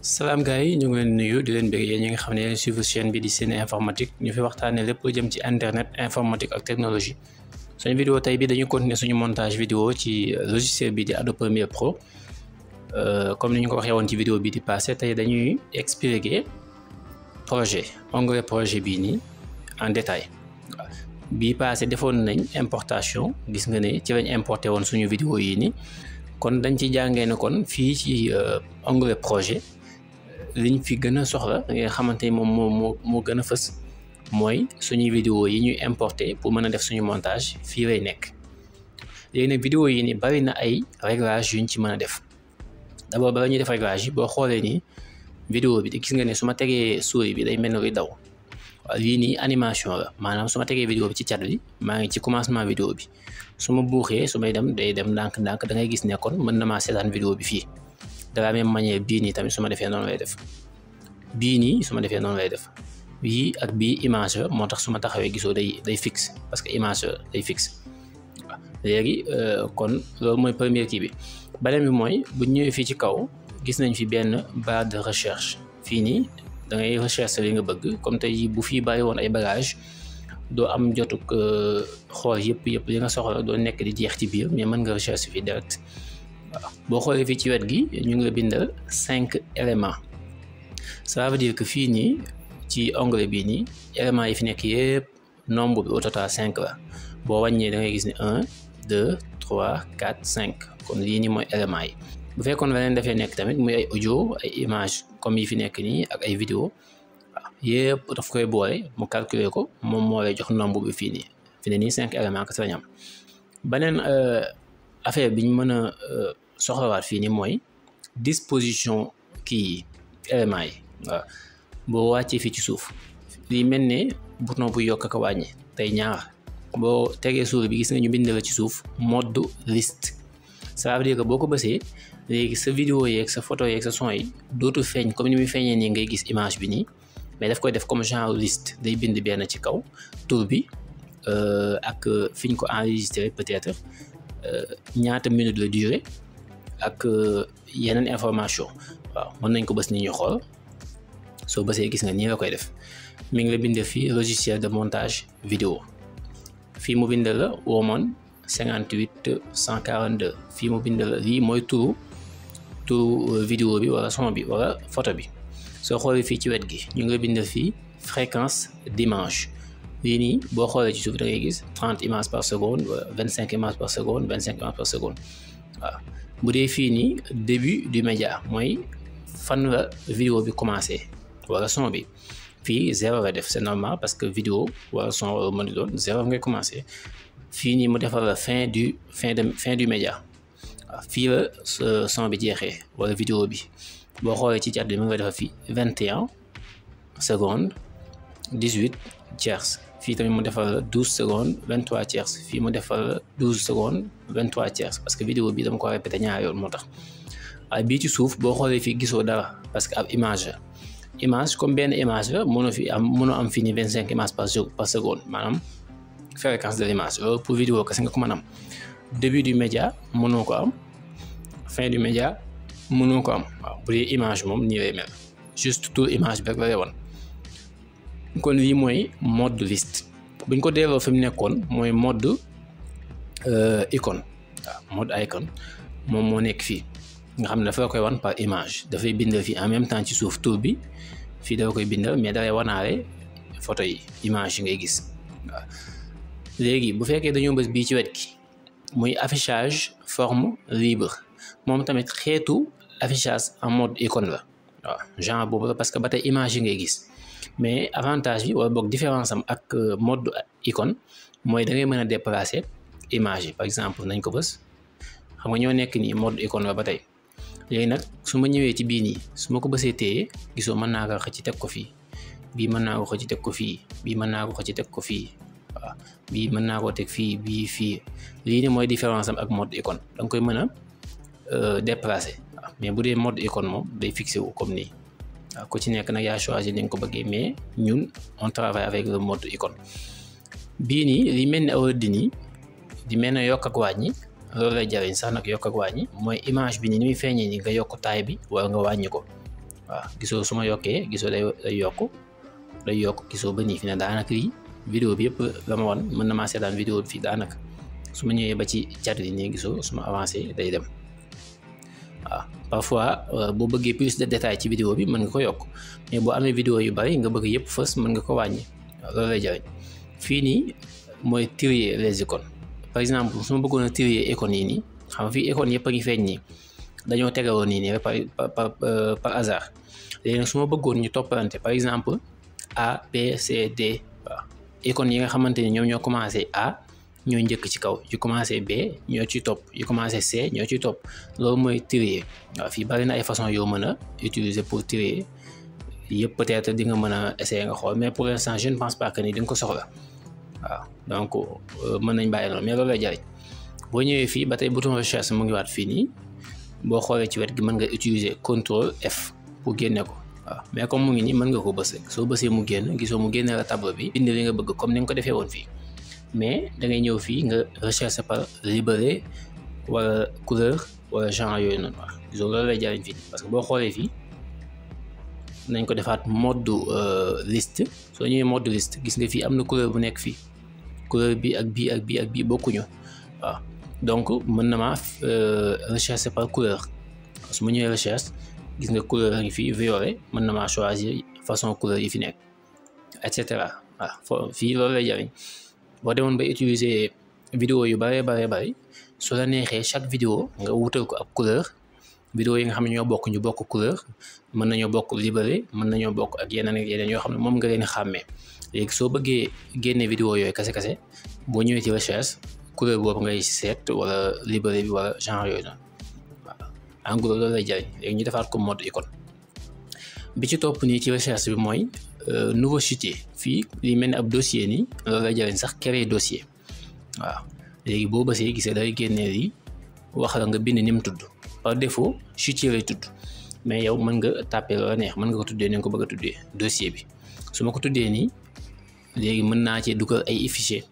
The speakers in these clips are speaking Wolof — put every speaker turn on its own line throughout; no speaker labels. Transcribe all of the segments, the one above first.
salaam gars ñu ngi leen nuyu di leen bëgg yéen ñu ngi xam ne yéen suivre chaîne bi di Sene Informatique ñu fi waxtaanee lépp lu jëm ci internet informatique ak technologie suñu vidéo tey bi dañu continuer suñu montage vidéo ci euh, logiciel bi di Adobe Premiere Pro euh, comme ni ñu ko waxee woon ci vidéo bi di passé tey dañuy expliquer projet onglet projet bii ni en détail bii passé defoon nañ importation gis nga ne ci lañ importé woon suñu vidéo yii nii kon dañ ci jàngee ne kon fii ci onglet euh, projet liñ fi gën a soxla nga xamante ni moom moo moo moo gën a fës mooy suñuy vidéo yi ñuy importer pour mën a def suñu montage fii lay nekk léegi nag vidéo yi nii bari na ay réglage ñu ci mën a def d'abord bala ñuy def réglage yi boo xoolee ni vidéo bi gis nga ne su ma tegee souris bi day mel ni luy daw waaw lii nii animation la maanaam su tegee vidéo bi ci cat bi maa ngi ci commencement vidéo bi su ma buuxee su may dem day dem ndànk-ndànk da ngay gis nekkoon kon mën na maa seetaan bi fii de la même bii nii tamit su ma defee noonu lay def bii nii su ma defee noonu lay def bii ak bii imageur moo tax su ma taxawee gisoo day day fixe parce que imageur day fixe waaw léegi euh, kon loolu mooy première kii bi beneen bi mooy bu ñëwee fii ci kaw gis nañ fi benn barre de recherche fii nii dangay ngay recherche li nga bëgg comme tey bu fii bàyyi woon ay bagage doo am jotuk euh, xool yëpp yëpp li nga soxla doo nekk di jeex ci biir mais mën nga recherche fii direct boo xoolee fii ci wet gi ñu ngi la bindal cinq éléments ça veut dire que fii nii ci onglet bii nii éléments yi fi nekk yëpp nombre bi au total cinq la boo wàññee da ngay gis ni un deux trois quatre cinq kon lii nii mooy éléments yi bu fekkoon leneen dafay nekk tamit muy ay audio ay image comme yi fi nekk nii ak ay vidéo waaw daf koy boole mu calculer ko moom moo lay jox nombre bi fii nii fi ne nii cinq éléments kese la ñu am beneen euh, affaire bi ñu mën a euh, soxlawaat fii ni mooy disposition kii yi éléments boo wàccee fii ci suuf lii mel ne bouton bu yokk ak wàññi tey ñaar boo tegee souris bi gis nga ñu bind la ci suuf mode liste ça veut dire que boo ko bësee léegi sa vidéo yeeg sa photo yeeg sa son yi dootu feeñ comme ni muy feeñee nii ngay gis image bi nii mais def koy def comme genre liste day bind benn ci kaw tur bi euh, ak fiñ ñu ko enregistré peut-être Euh, ñaata minute la durée ak euh, yeneen information waaw mën nañ ko bës ni ñu xool soo bësee gis nga nii la koy def mi ngi la bindee fii logiciel de montage vidéo fii mu bindee la Woman 58 142 fii mu bindee lii mooy turu turu euh, vidéo bi wala son bi wala photo bi soo xoolee fii ci wet gi ñu ngi la bindee fii fréquence d'image yii nii boo xoolee ci suuf da ngay gis trente images par seconde vingt cinq images par seconde vingt cinq images par bu dee fii nii début du média mooy fan la vidéo bi commencé wala son bi fii zéro la def c'est normal parce que vidéo wala son wala mën di doon zéro ngay commencé fii nii mu defal la fin du fin de média waaw fii la son bi jeexee wala vidéo bi boo xoolee ci cat bi mu nga fii vingt et seconde dix huit tiers fii tamit mu defal la douze secondes vingt trois fii mu defal la douze secondes vingt trois tiers parce que vidéo bi dama ko répété ñaar yoon moo tax waaye bii ci suuf boo xoolee fii gisoo dara parce que ab image la image comme benn image la mënoo fi am mënoo am fii nii vingt cinq images par jour par seconde maanaam fréquence de l'image loolu pour vidéo kese nga ko mën am début du média mënoo ko am fin du média mënoo ko am waaw bu image moom nii lay mel juste tout image bi rek la lay kon lii mooy mode liste buñ ko delloo fi mu nekkoon mooy mode euh, icône waaw mode icône moom moo nekk fii nga xam ne dafa koy wan par image dafay bindal fii en même temps ci suuf tur bi fii dafa koy bindal mais dalay wanaare photo yi image yi ngay gis waaw léegi bu fekkee dañoo bës bii ci wet gi muy affichage forme libre moom tamit xeetu affichage en mode icône la waaw genre boobu la parce que ba te image yi ngay gis mais avantage bi wala boog différence am ak euh, mode icône mooy da ngay mën a déplacer image yi par exemple nañ ko bës xam ñoo nekk nii mode icône la ba tey léegi nag su ma ñëwee ci bii nii su ma ko bësee téye gisoo mën naa ko xëcc ci teg ko fii bii mën naa ko xëcc ci teg ko fii bii mën naa ko xëcc teg ko fii waaw bii mën naa koo teg fii bii fii lii ne mooy différence ak mode icône da nga koy mën a euh, déplacer mais bu dee mode icône moom day fixé wu comme nii ku ci nekk nag yaa choisir ni nga ko bëggee mais ñun on travaille avec le mode icône bii nii li mel ni awa di nii di mel ne yokk wàññi loolu lay jariñ sax nag yokk ak wàññi mooy image bi nii ni muy feeñee nii nga yokk taay bi wala nga wàññi ko waaw gisoo su ma yokkee gisoo day yokk day yokk gisoo ba nii fi ne daanaka lii vidéo bi yëpp la ma wan mën na maa seetaan vidéo bi fii daanaka su ma ñëwee ba ci cat yi nii gisoo su ma avancé day dem waaw parfois euh, boo bëggee plus de détails ci vidéo bi mën nga ko yokk mais boo amee vidéo yu bari nga bëgg yëpp fës mën nga ko wàññi loolu lay fii nii mooy trier les kon par exemple su ma bëggoon a trier icônes yi nii xam fii icônes yëpp a ngi feeñ nii dañoo tegaloo nii nii rek par par par euh, hasard léegi nag bëggoon ñu toppalante par exemple A B C D waaw yi nga xamante ni ñoom ñoo commencé A. ñoo njëkk ci kaw yu commencé B ñoo ciy topp yu commencé C ñoo ciy topp loolu mooy trier waaw fii bari na ay façon yoo mën a utiliser pour trier yëpp peut-être di nga mën a essayer nga xool mais pour l'instant je ne pense pas que ni di nga ko soxla waaw donc euh, mën nañ bàyyi noonu mais loolu lay jariñ boo ñëwee fii ba tey bouton recherche mu ngi waat fii nii boo xoolee ci wet gi mën nga utiliser contrôle F pour génne ko waaw mais comme mu ngi nii mën nga ko bës soo bësee mu génn gisoo mu génne la bi bind li nga bëgg comme ni nga ko defee woon fii mais da ngay ñëw fii nga recherche par libéré wala couleur wala genre yooyu noonu wax loolu lay jariñ fii parce que boo xoolee fii nañ ko defaat mode euh, liste soo ñëwee mode liste gis nga fii am na couleur bu nekk fii couleur bi ak bii ak bii ak bii bokkuñu waaw mën na maa euh, recherche par couleur su ma ñëwee recherche gis nga couleur yi fii violet mën na maa choisir façon couleur yi fi nekk et cetera waaw fii loolu la jariñ boo demoon ba utiliser vidéo yu bare bare bari su la neexee chaque vidéo nga wutal ko ab couleur vidéo yi nga xam ne ñoo bokk ñu bokk couleur mën nañoo bokk libéré mën nañoo bokk ak yeneen ak yeneen yoo xam ne moom nga leen xàmmee léegi soo bëggee génne vidéo yooyu kase kase boo ñëwee ci recherche couleur boobu ngay seet wala libéré bi wala genre yooyu noonu waaw en gros jariñ léegi ñu defaat ko mode icône bi ci topp nii ci recherche bi mooy Euh, nouveau chutier fii li mel ni ab dossier ni loolu lay jëriñ sax créer dossier waaw léegi boo bësee gisee day génnee yi wax la nga bind ni mu tudd par défaut chutier lay tudd mais yow mën nga tàppee loola neex mën nga ko tuddee ni nga ko bëgg a tuddee dossier bi suma ko tuddee nii léegi mën naa cee dugal ay fichier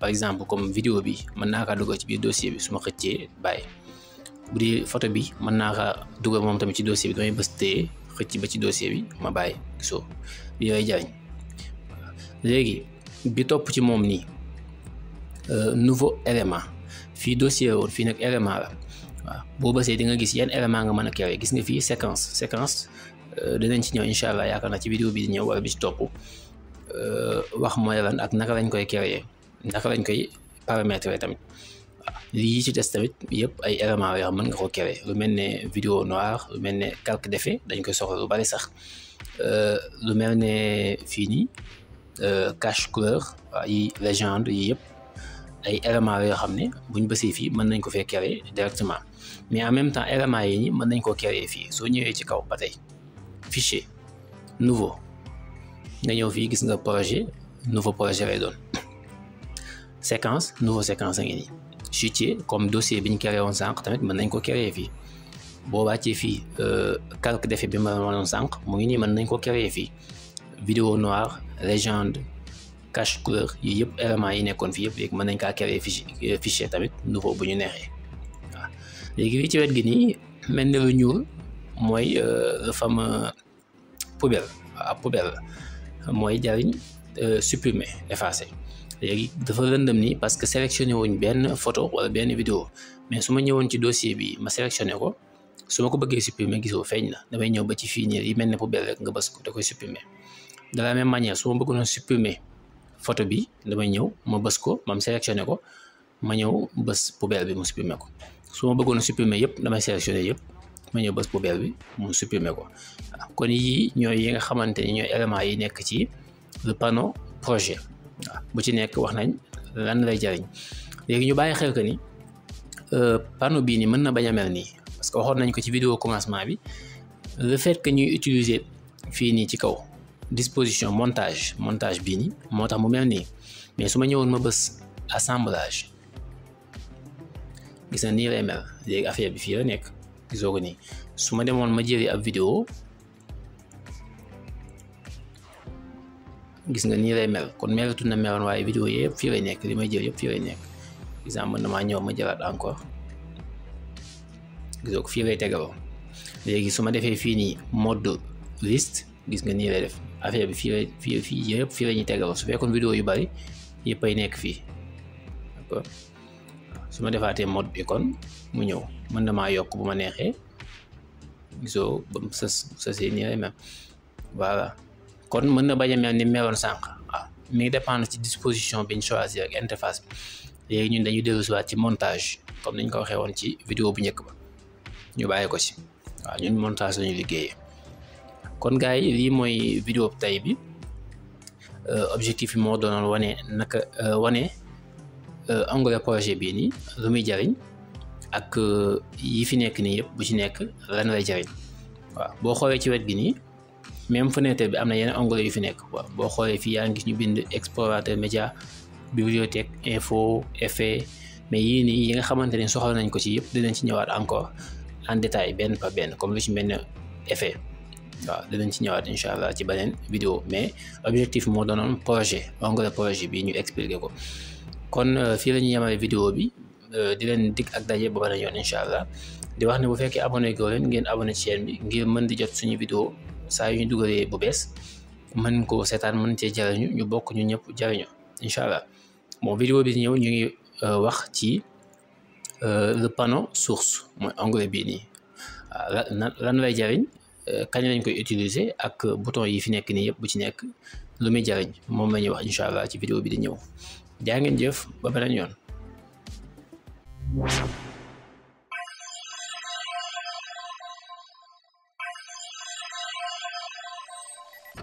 par exemple comme vidéo bi mën naa kaa dugal ci biir dossier bi su ma xëccee bàyyi bu dee foto bi mën naa kaa dugal moom tamit ci dossier bi damay bës xëcc ba ci dossier bi ma bàyyi gisoo bi yooyu jariñ léegi bi topp ci moom nii euh, nouveau élément fii dossier woon fii nag élément la waaw boo bësee di nga gis yan élément nga mën a créer gis nga fii séquence séquence euh, danañ ci ñëw incha allah yaa naa ci vidéo bi di ñëw wala bi ci topp euh, wax mooy lan ak naka lañ koy créer naka lañ koy paramétrer tamit lii ci des tamit yëpp ay éléments yoo xam mën nga ko créer lu mel ne vidéo noir lu mel ne calque d'effet dañ koy soxla lu bari sax euh, lu mel ne fii nii euh, cache couleur ay légende yi yëpp ay éléments yoo xam ne buñ bësee fii mën nañ ko fee créer directement mais en même temps éléments yi nii mën nañ koo créer fii soo ñëwee ci kaw ba tey fichier nouveau nga ñëw fii gis nga projet nouveau projet lay doon séquence nouveau séquence a ngi nii chutier comme dossier bi ñu créé woon sànq tamit mën nañ ko créé fii boo wàccee fii euh, calque d'effet bi ma woon sànq mu ngi nii mën nañ ko créé fii vidéo noire légende cache couleur yi yëpp éléments yi nekkoon fii yëpp léegi mën nañ kaa créé fichier euh, fichier tamit nouveau bu ñu neexee waaw léegi fii ci wet gi nii mel na lu ñuul mooy euh, le fameux poubelle waaw mooy jariñ supprimer effacer léegi dafa lëndëm ni parce que sélectionné wuñ benn photo wala benn vidéo mais su ma ñëwoon ci dossier bi ma sélectionné ko su ma ko bëggee supprimer gisoo feeñ na damay ñëw ba ci fii nii yi mel ne poubelle rek nga bës ko koy supprimer de la même manière su ma supprimer photo bi damay ñëw ma bës ko mam sélectionné ko ma ñëw bës poubelle bi mu supprimer ko su ma bëggoon supprimer yëpp damay sélectionné yëpp ma ñëw bës poubelle bi mu supprimer ko kon yii ñooy yi nga xamante ni ñooy éléments yi nekk ci le panneau projet waaw bu ci nekk wax nañ lan lay jariñ léegi ñu bàyyi xel que ni euh, panneau bii nii mën na bañ a mel nii parce que waxoon nañ ko ci vidéo commencement bi le que ñuy utiliser fii nii ci kaw disposition montage montage bii nii moo tax mu mel nii mais su ma ñëwoon ma bës assemblage gis na nii lay mel léegi affaire bi fii la nekk gisoo ko nii su ma demoon ma jëli ab vidéo gis nga nii lay mel kon melatu na meloon waaye vidéo yëpp fii lay nekk li may jël yëpp fii lay nekk exemple ñëw ma jëlaat encore gisoo ko fii lay tegaloo léegi su ma defee fii nii mode gis nga nii lay def affaire bi fii fii fii yëpp fii la ñuy tegaloo su fekkoon vidéo yu bari yëpp ay nekk fii su ma defaatee mode bi kon mu ñëw mën na maa yokk bu ma neexee gisoo ba mu sës sësee nii lay mel kon mën na bañ a mel ni meewoon sànq waaw ah, mi ngi dépendre ci disposition biñ choisir ak interface bi léegi ñun dañuy dellu siwaat ci montage comme niñ ko waxee ci vidéo bu njëkk ba ñu bàyyi ko ci waaw ñun montage lañu liggéeyee kon gars yi lii mooy vidéo bi tey bi euh, objectif bi moo doonoon wane naka euh, wane euh, anglais projet bii nii lu muy jariñ ak yi fi nekk nii yëpp bu ci nekk lan lay jariñ waaw boo xoolee ci wet gi nii même fenêtre bi am na yenn onglets yu fi nekk boo xoolee fii yaa ngi ñu bind explorateur média bibliothèque info effet mais yii nii yi nga xamante ne soxla nañ ko ci yëpp dinañ ci ñëwaat encore en benn par benn comme lu ci mel ne effet waaw dinañ ci ñëwaat incha allah ci beneen vidéo mais objectif moo doonoon projet onglet projet bi ñu expliqué ko kon euh, fii la ñuy yemale vidéo bi euh, di leen dikk ak daje ba beneen yoon incha allah di wax ne bu fekkee abonné goo ngeen abonné ci chaîne bi ngir mën di jot suñu vidéo saa yu ñu dugalee bu bees mën koo seetaan mën cee jariñu ñu bokk ñu ñëpp jariñu incha allah bon vidéo bi ñëw ñu ngi euh, wax ci euh, le panneau source mooy onglet bii nii lan lay jariñ euh, kañ lañ koy utiliser ak bouton yi fi nekk nii yëpp bu ci nekk lu may jariñ moom la ñuy wax incha allah ci vidéo bi di ñëw jaa ngeen jëf ba beneen yoon.